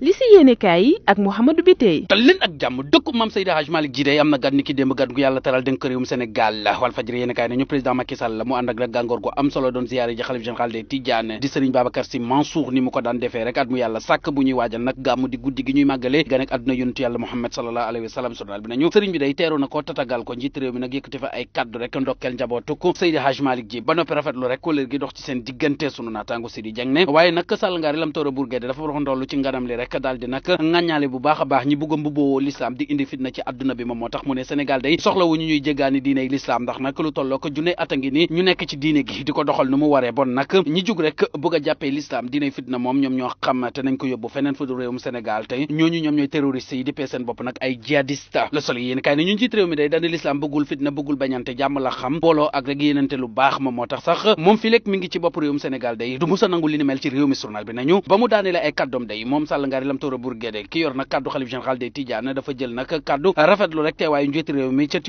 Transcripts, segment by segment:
li si yéenekaay yi ak Mouhamadou Biteye dal leen ak jàmm dëkku Mame Seydi Hadji Malick ji day am na gan ni démb gan gu yàlla teral dénk la Walfadjri yéenekaay nañu président di Serigne Babacar Sy Mansour ni mu ko daan defee rek at mu yàlla sàkk bu ñuy waajal nag gàmmu di guddi gi ñuy màggale gan ak àdduna yonentu yàlla Muhammad sallallahu alayhi wa sallam bi nañu Serigne bi day teeru na ko tatagal ko njiit réew mi nag yëkkati fa ay kaddu rek ndokkeel njabootu ko Seydi Hadji Malick ji ba noppi rafetlu rek daal di nag ŋàññaale bu baax a baax ñi bugg a mbubboo l'islam di indi fitna ci àdduna bi moom moo tax mu ne Sénégal day soxlawu ñu ñuy jéggaani diine l'islam ndax nag lu tolloo junne at ngi ni ñu nekk ci diine gi di ko doxal nu mu waree bon nag ñi jug rek bëgg a jàppee l'islam diine fitna moom ñoom ñooy terroriste yi di pee bopp nag ay jihadista le sol yéen kay ne ñun ci réew mi day dañu l'islam bëggul fitna bëggul bañante jàmm la xam booloo Ndiagare Lamtooro rek teewaayu njiitu réew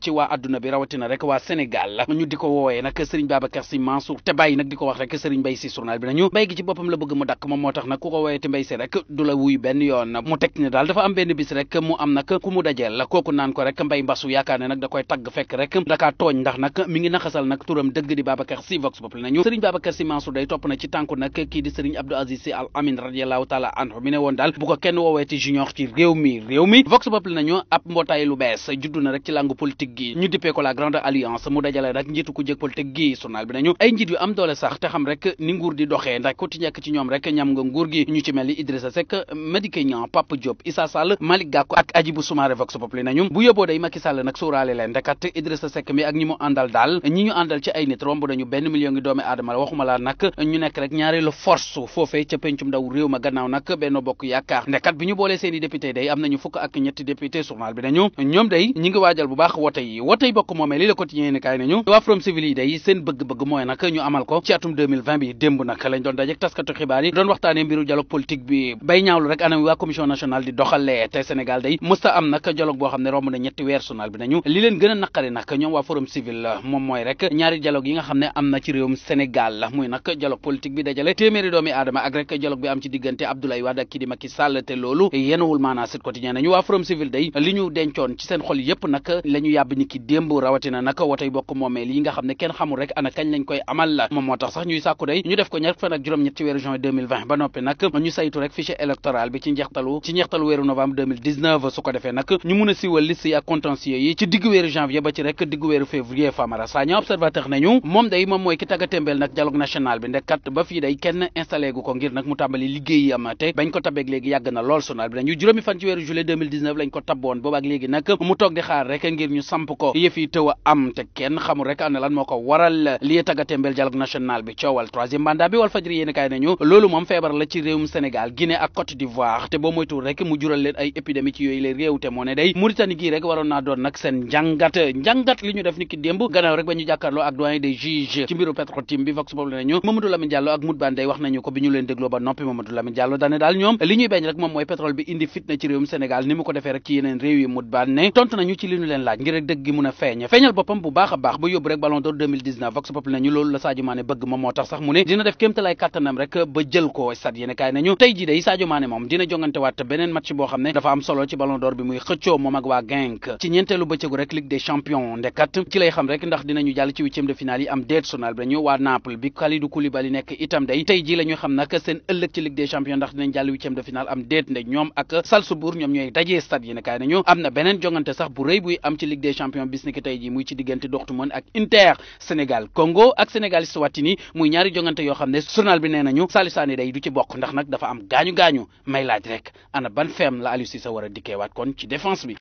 ci waa adduna bi rawatina rek waa Sénégal ñu di ko woowee nag Serigne Babacar Sy Mansour te bàyyi nag di wax rek Serigne Mbaye Sy journal bi nañu mbéy gi ci boppam la bëgg mu dakk moom moo tax nag ko woowee te Mbaye Sy rek du la wuy benn yoon mu teg ne daal dafa am benn bis rek mu am nag ku mu dajeel kooku naan ko rek Mbaye Mbassou yaakaar ne nag da koy tagg fekk rek dakaa tooñ ndax nag mi ngi naxasal nag turam dëgg di Babacar Babacar Sy Vox Populi nañu sëriñ Babacar Sy Mansour day topp nag kii ko kenn wooweeti gi ñu bi nañu ay njiit yu am doole sax te xam rek ni nguur di doxee ndax ku ci ci ñoom rek ñam nga nguur gi ñu ci mel ni Idrissa Seck Madické Niang Pape Diop Issa Sall ak Hadjibou Soumaré Vox Populi nañu bu yóbboo day Macky nag sóoraale leen ndekat Idrissa Seck mi ak ñi mu àndal daal ñi ñu àndal ci ay nit romb nañu ñu benn million ngi doomi aadama la waxuma laa nag ñu nekk rek ñaareelu force foofee ca pencum ndaw réew ma gannaaw nag Benno Bokk Yaakaar ndekat bi ñu boolee seen i day am nañu fukk ak ñetti député journal bi nañu ñoom day ñi ngi waajal bu baax wote yi wote yi bokk moomee li la quotidien ni kaay nañu waa Forum Civil yi day seen bëgg-bëgg mooy nag ñu amal ko ci atum bi démb nag lañ doon dajek taskatu xibaar yi doon waxtaanee mbiru dialogue politique bi am na ci réewum Sénégal la muy nag dialogue politique bi dajale téeméeri doomi aadama ak rek dialogue bi am ci diggante Abdoulaye Wade ak kii Sall te loolu yenewul maanaa Sud ñu dencoon day ñu def ko ñaar fan juróom-ñett ci weeru juin ba noppi nag ñu saytu rek fichier électoral bi ci njeextalu weeru novembre 2019 defee nag ñu mun a siiwal liste yi ak contentieux yi ci diggu weeru janvier ba ci rek diggu weeru février Famara Sagna observateur nañu moom yi moom mooy ki tagga nag dialogue national bi ndekkat ba fii day kenn installé gu ko ngir nag mu tàmbali liggéey am te bañ ko tabeeg léegi yàgg na lool journal bi nag mu toog di rek mu jural leen ay épidémie ci yooyu leen te moo ne day Mauritanie gii rek waroon naa doon nag seen njàngat njàngat li ñu def ni ki démb rek ba ñu jàkkaarloo ak doyen des juges mujj ci mbiru Petrotim bi Vox Populi nañu ko bi ñu leen dane daal ñoom li beñ rek moom mooy pétrole bi indi fitna ci réewum Sénégal ni mu ko rek ci yeneen réew yi Mout Bandey tontu nañu ci li leen laaj ngir rek gi mun a feeñal boppam bu baax a baax ba yóbbu rek Ballon d'Or 2019 Vox Populi loolu la Sadio bëgg moom moo tax sax mu dina def kéemtalaay kàttanam rek ba jël ko stade yéene kaay nañu tey ji day Sadio moom dina jongante waat beneen déet sonal ba ñu waa Naples bi Kalidou Koulibaly nekk itam day tey ji la xam nag seen ëllëg ci Ligue des champions ndax dinañ jàll huitième de finale am déet nde ñoom ak Salzbourg ñoom ñooy dajee stade yi ne kaay nañu am na beneen jongante sax bu rëy buy am ci Ligue des champions bis tey ji muy ci diggante Dortmund ak Inter Sénégal Congo ak Sénégal Eswatini muy ñaari jongante yoo xam ne journal bi nee nañu Salif day du ci bokk ndax nag dafa am gaañu a